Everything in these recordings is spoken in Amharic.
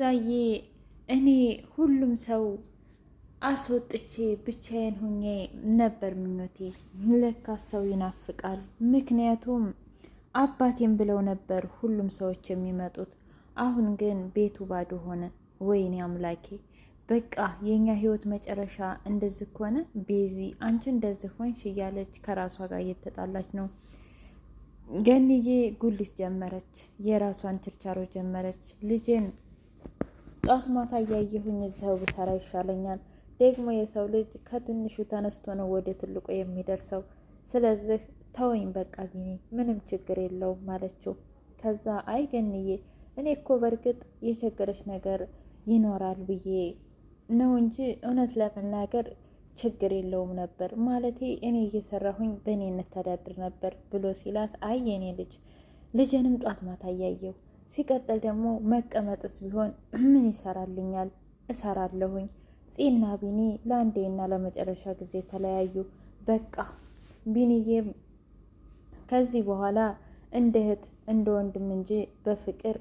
ዛዬ እኔ ሁሉም ሰው አስወጥቼ ብቻዬን ሁኜ ነበር ምኞቴ። ለካ ሰው ይናፍቃል። ምክንያቱም አባቴም ብለው ነበር ሁሉም ሰዎች የሚመጡት። አሁን ግን ቤቱ ባዶ ሆነ። ወይኔ አምላኬ! በቃ የእኛ ህይወት መጨረሻ እንደዚህ ከሆነ ቤዚ አንቺ እንደዚህ ሆንሽ እያለች ከራሷ ጋር እየተጣላች ነው። ገንዬ ጉሊስ ጀመረች፣ የራሷን ችርቻሮ ጀመረች። ልጄን ጧት ማታ እያየሁኝ እዚያው ብሰራ ይሻለኛል። ደግሞ የሰው ልጅ ከትንሹ ተነስቶ ነው ወደ ትልቁ የሚደርሰው። ስለዚህ ተወኝ በቃ ቢኒ፣ ምንም ችግር የለውም ማለችው። ከዛ አይ ገንዬ፣ እኔ እኮ በእርግጥ የቸገረች ነገር ይኖራል ብዬ ነው እንጂ እውነት ለመናገር ችግር የለውም ነበር ማለቴ እኔ እየሰራሁኝ በእኔ እንተዳድር ነበር ብሎ ሲላት፣ አይ የኔ ልጅ ልጅንም ጧት ማታ እያየሁ ሲቀጥል ደግሞ መቀመጥስ ቢሆን ምን ይሰራልኛል? እሰራለሁኝ። ጺና ቢኒ ለአንዴና ለመጨረሻ ጊዜ ተለያዩ። በቃ ቢኒዬም ከዚህ በኋላ እንደ እህት እንደ ወንድም እንጂ በፍቅር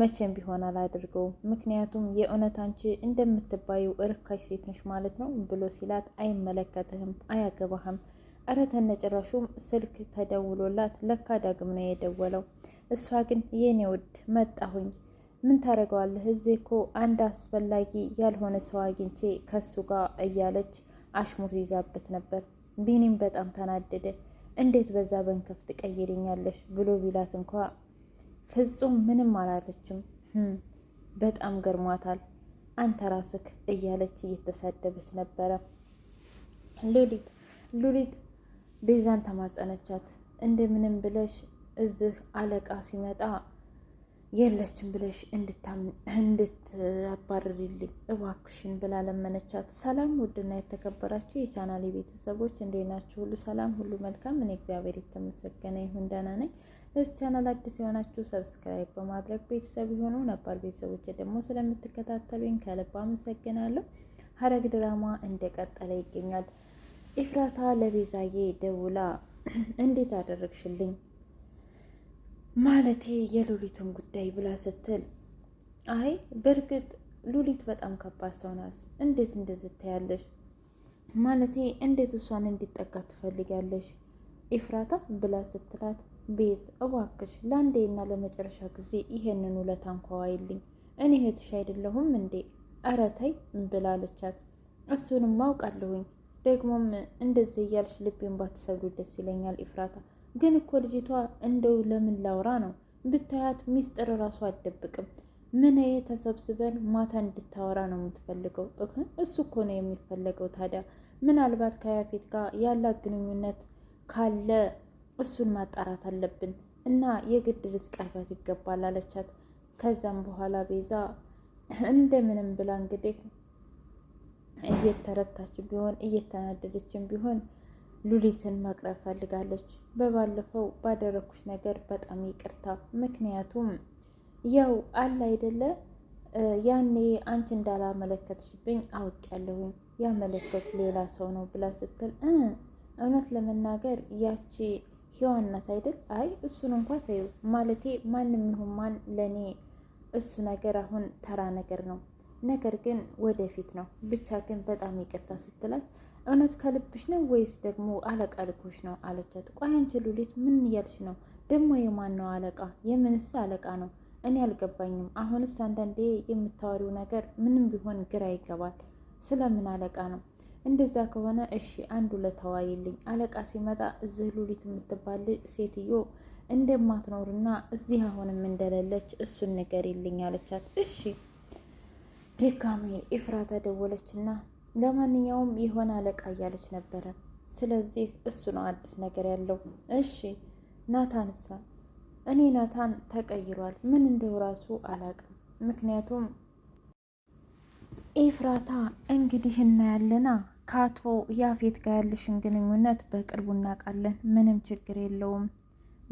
መቼም ቢሆን አላደርገውም። ምክንያቱም የእውነት አንቺ እንደምትባዩ እርካሽ ሴት ነሽ ማለት ነው ብሎ ሲላት፣ አይመለከትህም፣ አያገባህም። እረ ስልክ ተደውሎላት ለካ ዳግም ነው የደወለው። እሷ ግን የኔ ውድ መጣሁኝ፣ ምን ታደርገዋለህ? እዚህ እኮ አንድ አስፈላጊ ያልሆነ ሰው አግኝቼ ከሱ ጋር እያለች አሽሙር ይዛበት ነበር። ቢኒም በጣም ተናደደ። እንዴት በዛ በንከፍ ትቀይርኛለሽ ብሎ ቢላት እንኳ ፍጹም ምንም አላለችም። hm፣ በጣም ገርሟታል። አንተ ራስክ እያለች እየተሳደበች ነበረ። ሉሊት ሉሊት ቤዛን ተማጸነቻት። እንደምንም ብለሽ እዚህ አለቃ ሲመጣ የለችም ብለሽ እንድታባርሪልኝ እባክሽን ብላ ለመነቻት። ሰላም ውድና የተከበራችሁ የቻናል ቤተሰቦች እንዴት ናችሁ? ሁሉ ሰላም፣ ሁሉ መልካም። እኔ እግዚአብሔር የተመሰገነ ይሁን ደህና ነኝ። ለዚህ ቻናል አዲስ የሆናችሁ ሰብስክራይብ በማድረግ ቤተሰብ የሆኑ ነባር ቤተሰቦች ደግሞ ስለምትከታተሉኝ ከልብ አመሰግናለሁ። ሐረግ ድራማ እንደቀጠለ ይገኛል። ኢፍራታ ለቤዛዬ ደውላ እንዴት አደረግሽልኝ ማለቴ የሉሊቱን ጉዳይ ብላ ስትል አይ በእርግጥ ሉሊት በጣም ከባድ ሰው ናት። እንዴት እንደዚህ ታያለሽ? ማለቴ እንዴት እሷን እንዲጠጋ ትፈልጋለሽ ኤፍራታ ብላ ስትላት ቤዝ እባክሽ ለአንዴና ለመጨረሻ ጊዜ ይሄንን ውለታ እንኳ ዋይልኝ። እኔ እህትሽ አይደለሁም እንዴ? ኧረ ተይ ብላለቻት። እሱንም አውቃለሁኝ። ደግሞም እንደዚህ እያልሽ ልቤን ባትሰብሩ ደስ ይለኛል ኤፍራታ ግን እኮ ልጅቷ እንደው ለምን ላውራ ነው ብታያት ሚስጥር እራሱ አይደብቅም። ምንዬ ተሰብስበን ማታ እንድታወራ ነው የምትፈልገው። እሱ እኮ ነው የሚፈለገው። ታዲያ ምናልባት ከያፌት ጋር ያላት ግንኙነት ካለ እሱን ማጣራት አለብን እና የግድ ልትቀርበት ይገባል አለቻት። ከዛም በኋላ ቤዛ እንደምንም ብላ እንግዲህ እየተረታች ቢሆን እየተናደደችም ቢሆን ሉሊትን መቅረብ ፈልጋለች። በባለፈው ባደረኩሽ ነገር በጣም ይቅርታ። ምክንያቱም ያው አለ አይደለ ያኔ አንቺ እንዳላመለከትሽብኝ አውቅ ያለሁኝ ያመለከት ሌላ ሰው ነው ብላ ስትል እውነት ለመናገር ያቺ ሔዋን ናት አይደል? አይ እሱን እንኳ ተዩ። ማለቴ ማንም ይሁን ማን ለእኔ እሱ ነገር አሁን ተራ ነገር ነው። ነገር ግን ወደፊት ነው ብቻ ግን በጣም ይቅርታ ስትላት እውነት ከልብሽ ነው ወይስ ደግሞ አለቃ ልኮሽ ነው አለቻት። ቆይ አንቺ ሉሊት ምን እያልሽ ነው ደግሞ? የማን ነው አለቃ? የምንስ አለቃ ነው? እኔ አልገባኝም። አሁንስ አንዳንዴ የምታወሪው ነገር ምንም ቢሆን ግራ ይገባል። ስለምን አለቃ ነው? እንደዛ ከሆነ እሺ አንዱ ለተዋይልኝ አለቃ ሲመጣ እዚህ ሉሊት የምትባል ሴትዮ እንደማትኖርና እዚህ አሁንም እንደሌለች እሱን ነገር ይልኝ አለቻት። እሺ ደካሜ ኤፍራታ ደወለችና ለማንኛውም የሆነ አለቃ እያለች ነበረ። ስለዚህ እሱ ነው አዲስ ነገር ያለው። እሺ ናታንሳ? እኔ ናታን ተቀይሯል፣ ምን እንደው ራሱ አላቅም። ምክንያቱም ኤፍራታ እንግዲህ እናያለና ከአቶ ያፌት ጋር ያለሽን ግንኙነት በቅርቡ እናውቃለን። ምንም ችግር የለውም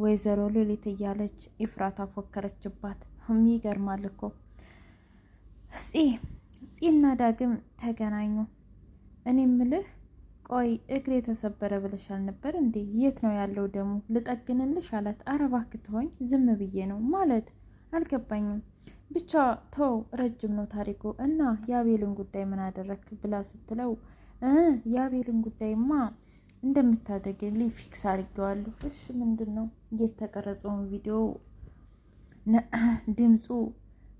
ወይዘሮ ሌሊት እያለች ኤፍራታ ፎከረችባት። ይገርማል እኮ እጽ ጺና ዳግም ተገናኙ። እኔ ምልህ ቆይ እግሬ የተሰበረ ብለሻል ነበር እንዴ? የት ነው ያለው ደሙ? ልጠግንልሽ አላት። አረባ ክትሆኝ ዝም ብዬ ነው ማለት አልገባኝም። ብቻ ተው ረጅም ነው ታሪኩ እና የአቤልን ጉዳይ ምን አደረክ ብላ ስትለው እ የአቤልን ጉዳይማ እንደምታደርግልኝ ፊክስ አድርጌዋለሁ። እሺ ምንድን ነው የተቀረጸውን ቪዲዮ ድምፁ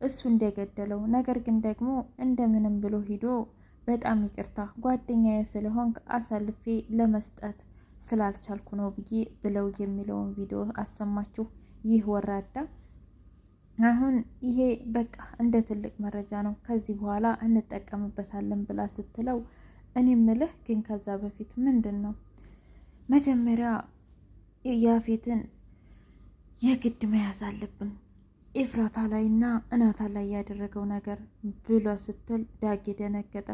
እሱ እንደገደለው ነገር ግን ደግሞ እንደምንም ብሎ ሂዶ በጣም ይቅርታ ጓደኛዬ ስለሆንክ አሳልፌ ለመስጠት ስላልቻልኩ ነው ብዬ ብለው የሚለውን ቪዲዮ አሰማችሁ። ይህ ወራዳ አሁን ይሄ በቃ እንደ ትልቅ መረጃ ነው፣ ከዚህ በኋላ እንጠቀምበታለን ብላ ስትለው እኔ ምልህ ግን ከዛ በፊት ምንድን ነው መጀመሪያ ያፌትን የግድ መያዝ አለብን ኤፍራታ ላይ እና እናታ ላይ ያደረገው ነገር ብሎ ስትል ዳጌ ደነገጠ።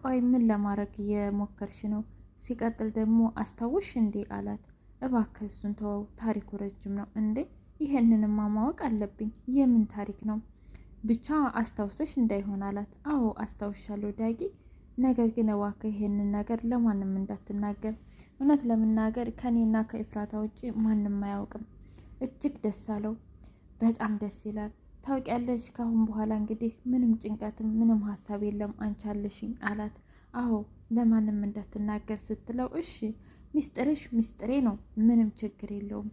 ቆይ ምን ለማድረግ የሞከርሽ ነው? ሲቀጥል ደግሞ አስታውሽ እንዴ አላት። እባክህ እሱን ተወው፣ ታሪኩ ረጅም ነው እንዴ ይህንንማ ማወቅ አለብኝ። የምን ታሪክ ነው? ብቻ አስታውሰሽ እንዳይሆን አላት። አዎ አስታውሻለሁ ዳጊ፣ ነገር ግን እባክህ ይህንን ነገር ለማንም እንዳትናገር። እውነት ለመናገር ከኔና ከኤፍራታ ውጭ ማንም አያውቅም። እጅግ ደስ አለው። በጣም ደስ ይላል። ታውቂያለሽ፣ ካሁን በኋላ እንግዲህ ምንም ጭንቀትም ምንም ሀሳብ የለም አንቺ አለሽኝ አላት። አዎ ለማንም እንዳትናገር ስትለው እሺ ሚስጥርሽ ሚስጥሬ ነው፣ ምንም ችግር የለውም።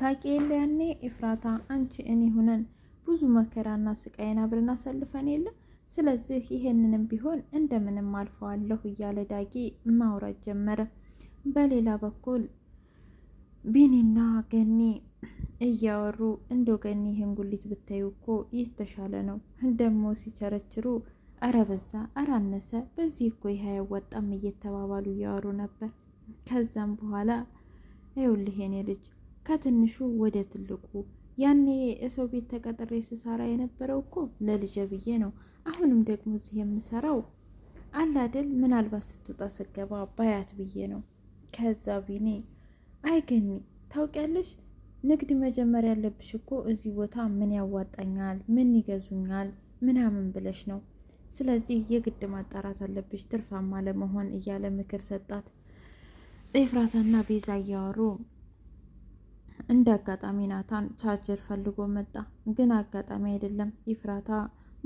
ታውቂ የለ ያኔ ኤፍራታ አንቺ እኔ ሁነን ብዙ መከራና ስቃይን አብረን አሳልፈን የለ ስለዚህ ይሄንንም ቢሆን እንደምንም አልፈዋለሁ እያለ ዳጊ ማውራት ጀመረ። በሌላ በኩል ቢኒና ገኒ እያወሩ እንዶ ገኒ ይህን ጉሊት ብታዩ እኮ ይህ ተሻለ ነው። ደግሞ ሲቸረችሩ አረ በዛ አረ አነሰ፣ በዚህ እኮ ይህ አያዋጣም እየተባባሉ እያወሩ ነበር። ከዛም በኋላ ይኸውልህ የኔ ልጅ ከትንሹ ወደ ትልቁ ያኔ የሰው ቤት ተቀጥሬ ስሰራ የነበረው እኮ ለልጄ ብዬ ነው። አሁንም ደግሞ እዚህ የምሰራው አላደል ምናልባት ስትወጣ ስገባ ባያት ብዬ ነው። ከዛ ቢኔ አይገኒ ታውቂያለሽ ንግድ መጀመር ያለብሽ እኮ እዚህ ቦታ ምን ያዋጣኛል፣ ምን ይገዙኛል ምናምን ብለሽ ነው። ስለዚህ የግድ ማጣራት አለብሽ ትርፋማ ለመሆን እያለ ምክር ሰጣት። ኤፍራታና ቤዛ እያወሩ እንደ አጋጣሚ ናታን ቻርጀር ፈልጎ መጣ። ግን አጋጣሚ አይደለም ኤፍራታ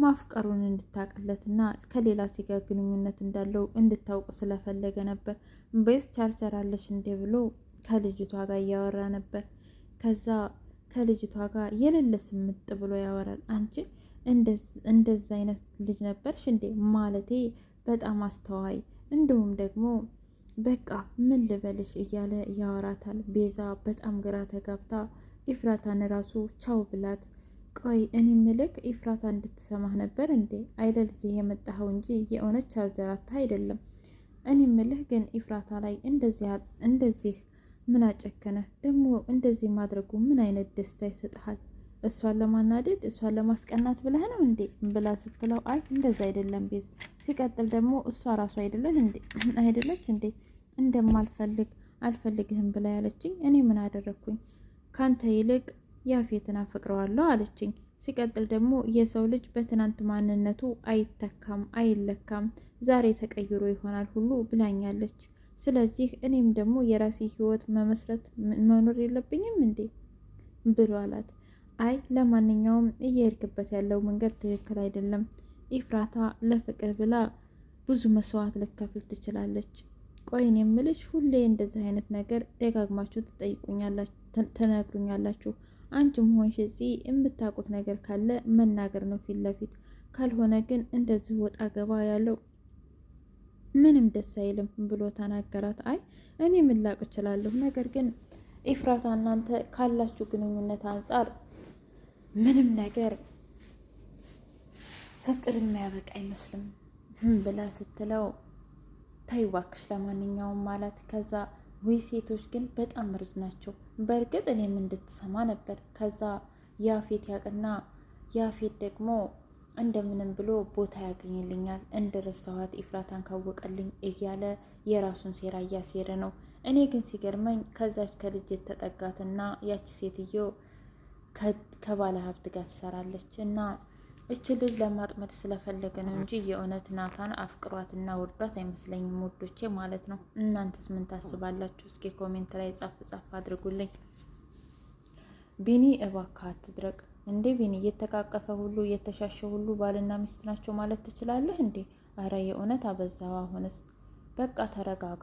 ማፍቀሩን እንድታቅለትና ከሌላ ሲጋ ግንኙነት እንዳለው እንድታውቅ ስለፈለገ ነበር። ቤዝ ቻርጀር አለሽ እንዴ ብሎ ከልጅቷ ጋር እያወራ ነበር። ከዛ ከልጅቷ ጋር የሌለ ስምጥ ብሎ ያወራል። አንቺ እንደዛ አይነት ልጅ ነበርሽ እንዴ? ማለቴ በጣም አስተዋይ እንዲሁም ደግሞ በቃ ምን ልበልሽ እያለ ያወራታል። ቤዛ በጣም ግራ ተጋብታ ኢፍራታን ራሱ ቻው ብላት። ቆይ እኔ ምልክ ኢፍራታ እንድትሰማህ ነበር እንዴ? አይደል የመጣኸው እንጂ የእውነት ቻርጀራታ አይደለም። እኔ ምልህ ግን ኢፍራታ ላይ እንደዚህ ምን አጨከነ ደግሞ እንደዚህ ማድረጉ ምን አይነት ደስታ ይሰጥሃል? እሷን ለማናደድ እሷን ለማስቀናት ብለህ ነው እንዴ ብላ ስትለው፣ አይ እንደዛ አይደለም ቤዝ ሲቀጥል ደግሞ እሷ ራሱ አይደለህ እንዴ አይደለች እንዴ እንደማልፈልግ አልፈልግህም ብላ ያለችኝ እኔ ምን አደረግኩኝ? ካንተ ይልቅ ያፌትን አፈቅረዋለሁ አለችኝ። ሲቀጥል ደግሞ የሰው ልጅ በትናንት ማንነቱ አይተካም አይለካም፣ ዛሬ ተቀይሮ ይሆናል ሁሉ ብላኛለች። ስለዚህ እኔም ደግሞ የራሴ ህይወት መመስረት መኖር የለብኝም እንዴ ብሎ አላት። አይ ለማንኛውም እየሄድክበት ያለው መንገድ ትክክል አይደለም። ኢፍራታ ለፍቅር ብላ ብዙ መስዋዕት ልከፍል ትችላለች። ቆይን የምልሽ ሁሌ እንደዚህ አይነት ነገር ደጋግማችሁ ትነግሩኛላችሁ። አንቺም ሆንሽ እጽ የምታውቁት ነገር ካለ መናገር ነው ፊት ለፊት ካልሆነ ግን እንደዚህ ወጣ ገባ ያለው ምንም ደስ አይልም ብሎ ተናገራት። አይ እኔ ምን ላቅ እችላለሁ፣ ነገር ግን ኤፍራታ እናንተ ካላችሁ ግንኙነት አንጻር ምንም ነገር ፍቅር የሚያበቃ አይመስልም ብላ ስትለው ተይ እባክሽ ለማንኛውም ማለት ከዛ ወይ ሴቶች ግን በጣም ርዝ ናቸው። በእርግጥ እኔም እንድትሰማ ነበር። ከዛ ያፌት ያቅና ያፌት ደግሞ እንደምንም ብሎ ቦታ ያገኝልኛል እንደረሳኋት ኢፍራታን ካወቀልኝ እያለ የራሱን ሴራ እያሴረ ነው። እኔ ግን ሲገርመኝ ከዛች ከልጅ ተጠጋትና ያቺ ሴትዮ ከባለ ሀብት ጋር ትሰራለች እና እች ልጅ ለማጥመድ ስለፈለገ ነው እንጂ የእውነት ናታን አፍቅሯት እና ወዷት አይመስለኝም። ውዶቼ ማለት ነው። እናንተስ ምን ታስባላችሁ? እስኪ ኮሜንት ላይ ጻፍ ጻፍ አድርጉልኝ። ቢኒ እባክህ አትድረቅ። እንዴ ቢኒ እየተቃቀፈ ሁሉ እየተሻሸ ሁሉ ባልና ሚስት ናቸው ማለት ትችላለህ እንዴ? አረ የእውነት አበዛው። አሁንስ በቃ ተረጋጋ።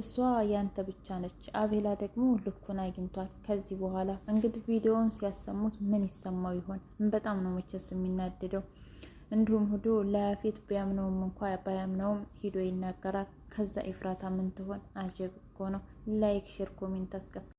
እሷ ያንተ ብቻ ነች። አቤላ ደግሞ ልኩን አግኝቷል። ከዚህ በኋላ እንግዲህ ቪዲዮውን ሲያሰሙት ምን ይሰማው ይሆን? በጣም ነው መቼስ የሚናደደው። እንዲሁም ሂዶ ለያፌት ቢያምነውም እንኳ ባያምነውም ሂዶ ይናገራል። ከዛ ኤፍራታ ምን ትሆን? አጀብ እኮ ነው። ላይክ፣ ሼር፣ ኮሜንት አስቀስ